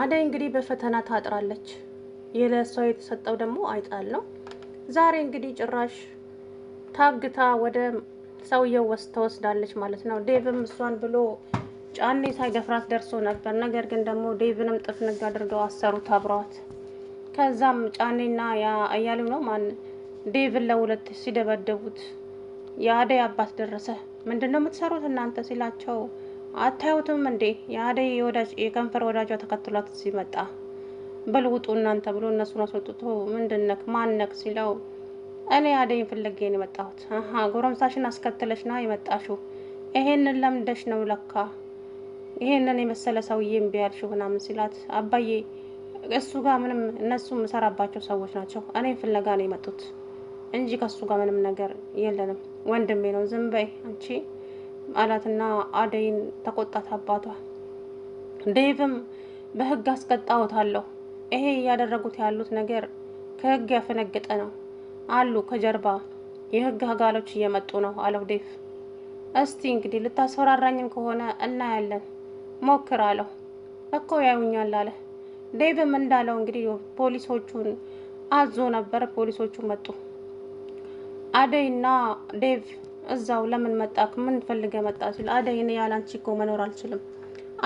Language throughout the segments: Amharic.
አደይ እንግዲህ በፈተና ታጥራለች። የለሷ የተሰጠው ደግሞ አይጣል ነው። ዛሬ እንግዲህ ጭራሽ ታግታ ወደ ሰውየው ወስ ተወስዳለች ማለት ነው። ዴቭም እሷን ብሎ ጫኔ ሳይደፍራት ደርሶ ነበር። ነገር ግን ደግሞ ዴቭንም ጥፍንግ አድርገው አሰሩት አብረዋት። ከዛም ጫኔና አያሌው ነው ማን ዴቭን ለሁለት ሲደበደቡት የአደይ አባት ደረሰ። ምንድን ነው የምትሰሩት እናንተ ሲላቸው አታዩትም እንዴ? የአደይ የወዳጅ የከንፈር ወዳጇ ተከትሏት ሲመጣ በልውጡ እናንተ ብሎ እነሱን አስወጥቶ ምንድነክ ማነክ ሲለው እኔ አደይን ፍለጌ ነው የመጣሁት። አሀ ጎረምሳሽን አስከትለሽ ና የመጣሽው ይሄንን ለምደሽ ነው ለካ ይሄንን የመሰለ ሰውዬ እምቢ ያልሽው ምናምን ሲላት አባዬ እሱ ጋር ምንም እነሱ የምሰራባቸው ሰዎች ናቸው። እኔን ፍለጋ ነው የመጡት እንጂ ከሱ ጋር ምንም ነገር የለንም። ወንድሜ ነው። ዝም በይ አንቺ አላትና አደይን ተቆጣት አባቷ። ዴቭም በህግ አለሁ። ይሄ እያደረጉት ያሉት ነገር ከህግ ያፈነገጠ ነው አሉ ከጀርባ የህግ አጋሎች እየመጡ ነው አለው ዴቭ። እስቲ እንግዲህ ልታስፈራራኝም ከሆነ እናያለን ሞክር አለው። እኮ ያዩኛል አለ ዴቭም እንዳለው እንግዲህ ፖሊሶቹን አዞ ነበር። ፖሊሶቹ መጡ። አደይና ዴቭ እዛው ለምን መጣክ? ምን ፈልገ መጣ? ሲል አደይ እኔ ያላንቺ እኮ መኖር አልችልም።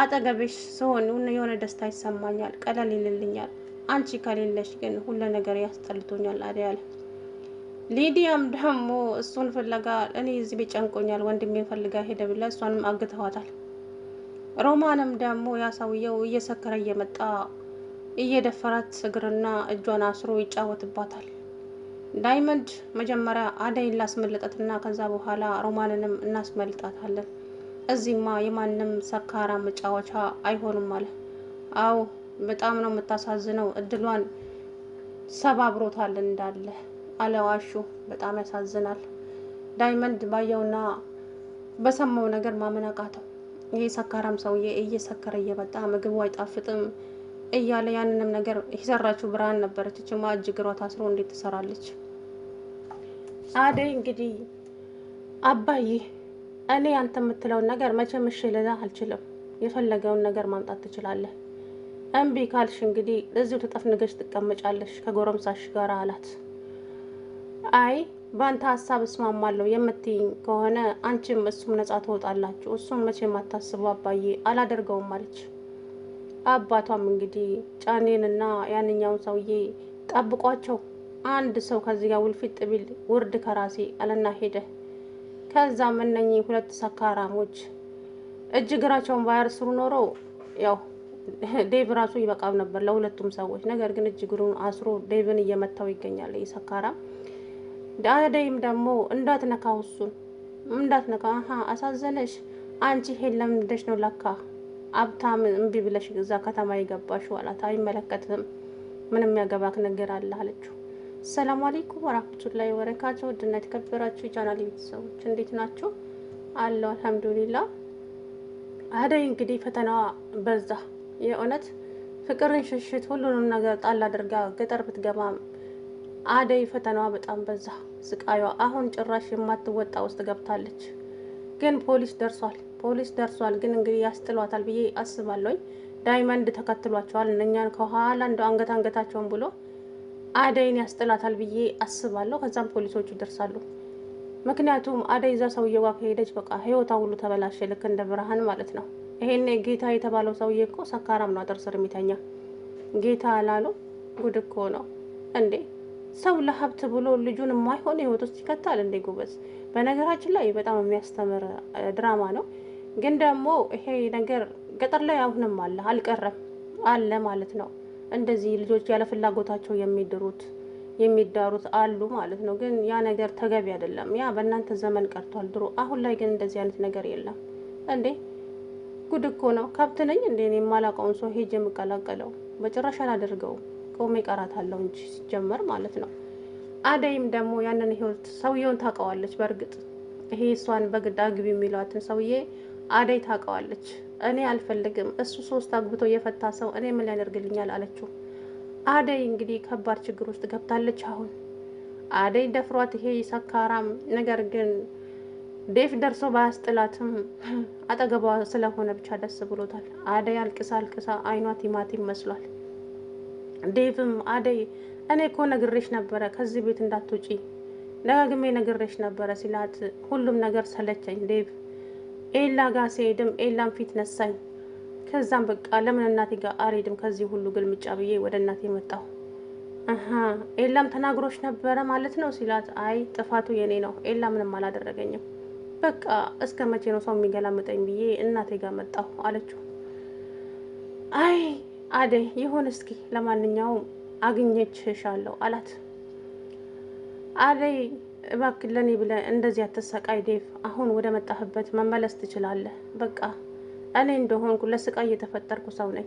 አጠገቤሽ ስሆን የሆነ ደስታ ይሰማኛል፣ ቀለል ይልልኛል። አንቺ ከሌለሽ ግን ሁሉ ነገር ያስጠልቶኛል አደይ አለ። ሊዲያም ደግሞ እሱን ፍለጋ እኔ እዚህ ቢጨንቆኛል ወንድሜን ፈልጋ ሄደ ብላ እሷንም አግተዋታል። ሮማንም ደግሞ ያሳውየው እየሰከረ እየመጣ እየደፈራት እግርና እጇን አስሮ ይጫወትባታል። ዳይመንድ መጀመሪያ አደይን ላስመልጠትና ከዛ በኋላ ሮማንንም እናስመልጣታለን። እዚህማ የማንም ሰካራ መጫወቻ አይሆንም አለ። አዎ በጣም ነው የምታሳዝነው። እድሏን ሰባብሮታል እንዳለ አለዋሹ በጣም ያሳዝናል። ዳይመንድ ባየውና በሰማው ነገር ማመን አቃተው። ይህ ሰካራም ሰውዬ እየሰከረ እየመጣ ምግቡ አይጣፍጥም እያለ ያንንም ነገር የሰራችው ብርሃን ነበረች። እችማ እጅ ግሯ ታስሮ እንዴት ትሰራለች? አደይ እንግዲህ አባዬ፣ እኔ አንተ የምትለውን ነገር መቼም እሺ ልልህ አልችልም። የፈለገውን ነገር ማምጣት ትችላለህ። እምቢ ካልሽ እንግዲህ እዚሁ ተጠፍንገሽ ትቀመጫለሽ ከጎረምሳሽ ጋር አላት። አይ በአንተ ሀሳብ እስማማለሁ የምትይኝ ከሆነ አንቺም እሱም ነጻ ትወጣላችሁ። እሱም መቼም አታስቡ አባዬ፣ አላደርገውም አለች። አባቷም እንግዲህ ጫኔንና ያንኛውን ሰውዬ ጠብቋቸው፣ አንድ ሰው ከዚህ ጋር ውልፊጥ ቢል ውርድ ከራሴ አለና ሄደ። ከዛም እነኚህ ሁለት ሰካራሞች እጅ እግራቸውን ባያርስሩ ኖሮ ያው ዴቭ ራሱ ይበቃብ ነበር ለሁለቱም ሰዎች። ነገር ግን እጅ እግሩን አስሮ ዴቭን እየመታው ይገኛል ይህ ሰካራም። አደይም ደግሞ እንዳትነካ፣ እሱን እንዳትነካ። አሳዘነሽ አንቺ ሄን ለምንደሽ ነው ለካ አብታም እምቢ ብለሽ እዛ ከተማ የገባሽው አላት። አይመለከትም ምንም ያገባክ ነገር አለ አለችው። ሰላም አለይኩም ወራህመቱላሂ ወበረካቱ። ውድና የተከበራችሁ የቻናል ቤተሰቦች እንዴት ናችሁ? አለው አልሐምዱሊላ። አደይ እንግዲህ ፈተናዋ በዛ የእውነት ፍቅርን ሽሽት ሁሉንም ነገር ጣል አድርጋ ገጠር ብትገባ አደይ ፈተናዋ በጣም በዛ ስቃዩ። አሁን ጭራሽ የማትወጣ ውስጥ ገብታለች። ግን ፖሊስ ደርሷል። ፖሊስ ደርሷል። ግን እንግዲህ ያስጥሏታል ብዬ አስባለሁኝ። ዳይመንድ ተከትሏቸዋል። እነኛን ከኋላ እንደ አንገት አንገታቸውን ብሎ አደይን ያስጥላታል ብዬ አስባለሁ። ከዛም ፖሊሶቹ ይደርሳሉ። ምክንያቱም አደይ እዛ ሰውዬ ጋር ከሄደች በቃ ህይወታ ሁሉ ተበላሸ። ልክ እንደ ብርሃን ማለት ነው። ይሄን ጌታ የተባለው ሰውዬ እኮ ሰካራም ነው፣ አጥር ስር የሚተኛ ጌታ አላሉ። ጉድ እኮ ነው እንዴ! ሰው ለሀብት ብሎ ልጁን የማይሆን ህይወት ውስጥ ይከታል እንዴ! ጎበዝ። በነገራችን ላይ በጣም የሚያስተምር ድራማ ነው። ግን ደግሞ ይሄ ነገር ገጠር ላይ አሁንም አለ፣ አልቀረም፣ አለ ማለት ነው። እንደዚህ ልጆች ያለ ፍላጎታቸው የሚድሩት የሚዳሩት አሉ ማለት ነው። ግን ያ ነገር ተገቢ አይደለም። ያ በእናንተ ዘመን ቀርቷል ድሮ። አሁን ላይ ግን እንደዚህ አይነት ነገር የለም እንዴ! ጉድ እኮ ነው። ከብት ነኝ እንዴ እኔ የማላውቀውን ሰው ሄጅ የምቀላቀለው? በጭራሽ አላደርገውም። ቆሜ እቀራታለሁ እንጂ ሲጀመር ማለት ነው። አደይም ደግሞ ያንን ህይወት ሰውየውን ታውቀዋለች። በእርግጥ ይሄ እሷን በግድ አግቢ የሚሏትን ሰውዬ አደይ ታውቀዋለች። እኔ አልፈልግም፣ እሱ ሶስት አግብቶ የፈታ ሰው እኔ ምን ያደርግልኛል አለችው። አደይ እንግዲህ ከባድ ችግር ውስጥ ገብታለች። አሁን አደይ ደፍሯት ይሄ ሰካራም ነገር ግን ዴፍ ደርሶ ባያስጥላትም አጠገቧ ስለሆነ ብቻ ደስ ብሎታል። አደይ አልቅሳ አልቅሳ አይኗ ቲማቲም መስሏል። ዴቭም አደይ እኔ እኮ ነግሬሽ ነበረ ከዚህ ቤት እንዳትውጪ፣ ደጋግሜ ነግሬሽ ነበረ ሲላት ሁሉም ነገር ሰለቸኝ ዴቭ ኤላ ጋር ሲሄድም ኤላም ፊት ነሳኝ። ከዛም በቃ ለምን እናቴ ጋር አልሄድም ከዚህ ሁሉ ግልምጫ ብዬ ወደ እናቴ መጣሁ። ኤላም ተናግሮች ነበረ ማለት ነው ሲላት፣ አይ ጥፋቱ የኔ ነው፣ ኤላ ምንም አላደረገኝም። በቃ እስከ መቼ ነው ሰው የሚገላምጠኝ ብዬ እናቴ ጋር መጣሁ አለችው። አይ አደይ ይሁን እስኪ ለማንኛውም አግኘችሻለሁ አላት አደይ እባክህ ለእኔ ብለህ እንደዚህ አትሰቃይ ዴቭ። አሁን ወደ መጣህበት መመለስ ትችላለህ። በቃ እኔ እንደሆንኩ ለስቃይ የተፈጠርኩ ሰው ነኝ።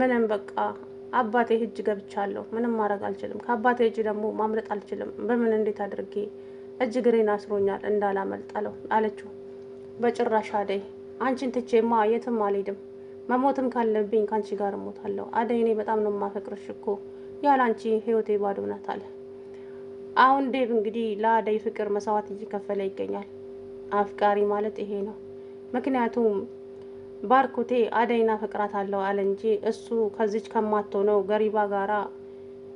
ምንም በቃ አባቴ እጅ ገብቻለሁ። ምንም ማድረግ አልችልም። ከአባቴ እጅ ደግሞ ማምለጥ አልችልም። በምን እንዴት አድርጌ እጅ ግሬን አስሮኛል እንዳላመልጥ አለችው። በጭራሽ አደይ፣ አንቺን ትቼማ የትም አልሄድም። መሞትም ካለብኝ ከአንቺ ጋር እሞታለሁ። አደይ፣ እኔ በጣም ነው የማፈቅርሽ እኮ ያለ አንቺ ህይወቴ ባዶ ናት አለ አሁን ዴቭ እንግዲህ ለአደይ ፍቅር መስዋዕት እየከፈለ ይገኛል። አፍቃሪ ማለት ይሄ ነው። ምክንያቱም ባርኮቴ አደይና ፍቅራት አለው አለ እንጂ እሱ ከዚች ነው ገሪባ ጋራ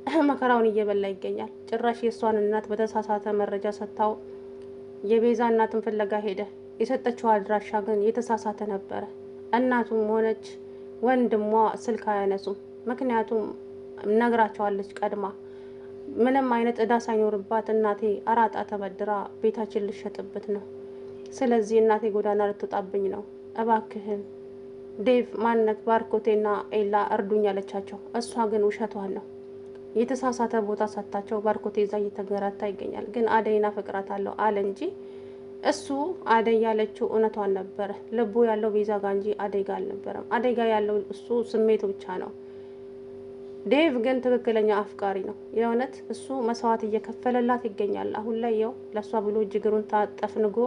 መከራውን እየበላ ይገኛል። ጭራሽ የእሷን እናት በተሳሳተ መረጃ ሰጥታው የቤዛ እናትን ፍለጋ ሄደ። የሰጠችው አድራሻ ግን የተሳሳተ ነበረ። እናቱም ሆነች ወንድሟ ስልክ አያነሱም። ምክንያቱም ነግራቸዋለች ቀድማ ምንም አይነት እዳ ሳይኖርባት እናቴ አራጣ ተበድራ ቤታችን ልሸጥበት ነው። ስለዚህ እናቴ ጎዳና ልትወጣብኝ ነው። እባክህን ዴቭ ማንነት ባርኮቴና ኤላ እርዱኝ አለቻቸው። እሷ ግን ውሸቷን ነው የተሳሳተ ቦታ ሰጥታቸው ባርኮቴ እዛ እየተገራታ ይገኛል። ግን አደይና ፍቅራት አለው አለ እንጂ እሱ አደይ ያለችው እውነቷን ነበረ። ልቡ ያለው ቤዛ ጋ እንጂ አደይ ጋ አልነበረም። አደይ ጋ ያለው እሱ ስሜቱ ብቻ ነው። ዴቭ ግን ትክክለኛ አፍቃሪ ነው የእውነት። እሱ መስዋዕት እየከፈለላት ይገኛል። አሁን ላይ ያው ለእሷ ብሎ እጅ እግሩን ታጠፍንጎ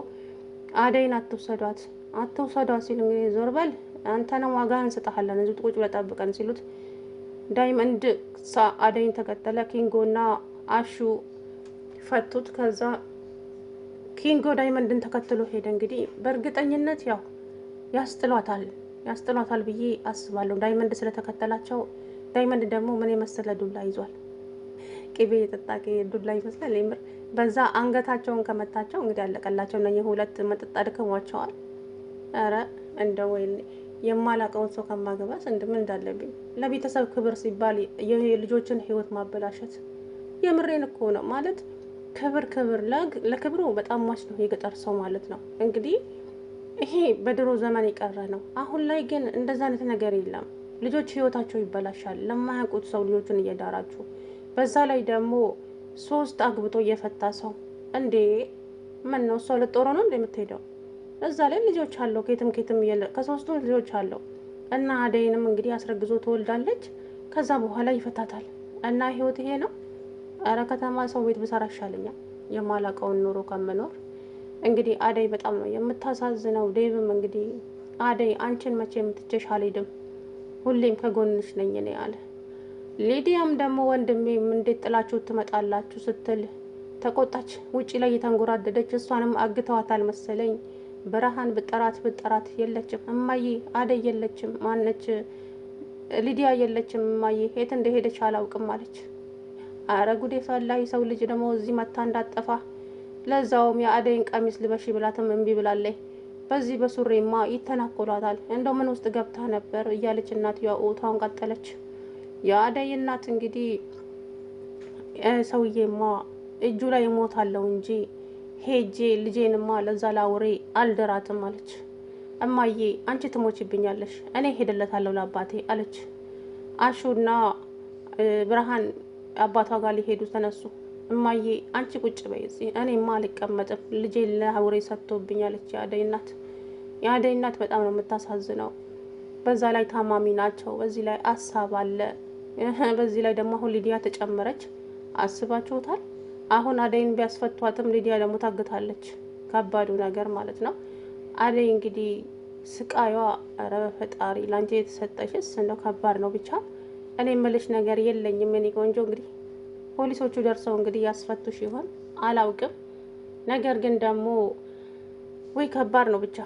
አደይን አትውሰዷት፣ አትውሰዷት ሲል እንግዲህ ዞር በል አንተንም ዋጋ እንስጠሃለን እዚህ ቁጭ ብለህ ጠብቀን ሲሉት ዳይመንድ ሳ አደይን ተከተለ። ኪንጎ ኪንጎና አሹ ፈቱት። ከዛ ኪንጎ ዳይመንድን ተከትሎ ሄደ። እንግዲህ በእርግጠኝነት ያው ያስጥሏታል ያስጥሏታል ብዬ አስባለሁ ዳይመንድ ስለተከተላቸው ዳይመንድ ደግሞ ምን የመሰለ ዱላ ይዟል። ቅቤ የጠጣ ዱላ ይመስላል። የምር በዛ አንገታቸውን ከመታቸው እንግዲህ ያለቀላቸው ነ ሁለት መጠጥ አድክሟቸዋል። ኧረ እንደ ወይ የማላቀውን ሰው ከማገባስ እንደምን እንዳለብኝ ለቤተሰብ ክብር ሲባል የልጆችን ህይወት ማበላሸት የምሬን እኮ ነው ማለት ክብር ክብር ለክብሩ በጣም ሟች ነው የገጠር ሰው ማለት ነው። እንግዲህ ይሄ በድሮ ዘመን የቀረ ነው። አሁን ላይ ግን እንደዛ አይነት ነገር የለም። ልጆች ህይወታቸው ይበላሻል። ለማያውቁት ሰው ልጆቹን እየዳራችሁ፣ በዛ ላይ ደግሞ ሶስት አግብቶ እየፈታ ሰው እንዴ! ምን ነው እሷ ልጦሮ ነው እንዴ የምትሄደው? እዛ ላይ ልጆች አለው ኬትም ኬትም ከሶስቱ ልጆች አለው እና አደይንም እንግዲህ አስረግዞ ትወልዳለች። ከዛ በኋላ ይፈታታል እና ህይወት ይሄ ነው። እረ ከተማ ሰው ቤት ብሰራ ይሻለኛል የማላቀውን ኑሮ ከምኖር። እንግዲህ አደይ በጣም ነው የምታሳዝነው። ዴብም እንግዲህ አደይ አንቺን መቼ የምትችሽ አልሄድም ሁሌም ከጎንሽ ነኝ እኔ አለ። ሊዲያም ደግሞ ወንድሜም እንዴት ጥላችሁ ትመጣላችሁ ስትል ተቆጣች። ውጪ ላይ የተንጎራደደች እሷንም አግተዋታል መሰለኝ። ብርሃን ብጠራት ብጠራት የለችም እማዬ፣ አደይ የለችም ማነች ሊዲያ የለችም እማዬ፣ የት እንደሄደች አላውቅም አለች። አረ ጉዴ ፈላ! ሰው ልጅ ደግሞ እዚህ መታ እንዳጠፋ ለዛውም የአደይን ቀሚስ ልበሽ ብላትም እምቢ ብላለች። በዚህ በሱሬማ ይተናኮሏታል። እንደው ምን ውስጥ ገብታ ነበር እያለች እናትየዋ ኦታውን ቀጠለች። የአደይ እናት እንግዲህ ሰውዬማ እጁ ላይ ሞታለው እንጂ ሄጄ ልጄንማ ለዛ ላውሬ አልደራትም አለች። እማዬ አንቺ ትሞችብኛለሽ፣ እኔ ሄደለታለሁ ለአባቴ አለች። አሹና ብርሃን አባቷ ጋር ሊሄዱ ተነሱ። እማዬ አንቺ ቁጭ በይ እዚህ እኔማ አልቀመጥም ልጄ ለአውሬ ሰጥቶብኛለች። የአደይ እናት የአደይ እናት በጣም ነው የምታሳዝነው። በዛ ላይ ታማሚ ናቸው። በዚህ ላይ አሳብ አለ። በዚህ ላይ ደግሞ አሁን ሊዲያ ተጨመረች። አስባችሁታል? አሁን አደይን ቢያስፈቷትም ሊዲያ ደግሞ ታግታለች። ከባዱ ነገር ማለት ነው። አደይ እንግዲህ ስቃዩዋ፣ ኧረ በፈጣሪ ለአንቺ የተሰጠሽስ እንደው ከባድ ነው። ብቻ እኔ የምልሽ ነገር የለኝም የኔ ቆንጆ እንግዲህ ፖሊሶቹ ደርሰው እንግዲህ ያስፈቱሽ ይሆን አላውቅም። ነገር ግን ደግሞ ወይ ከባድ ነው ብቻ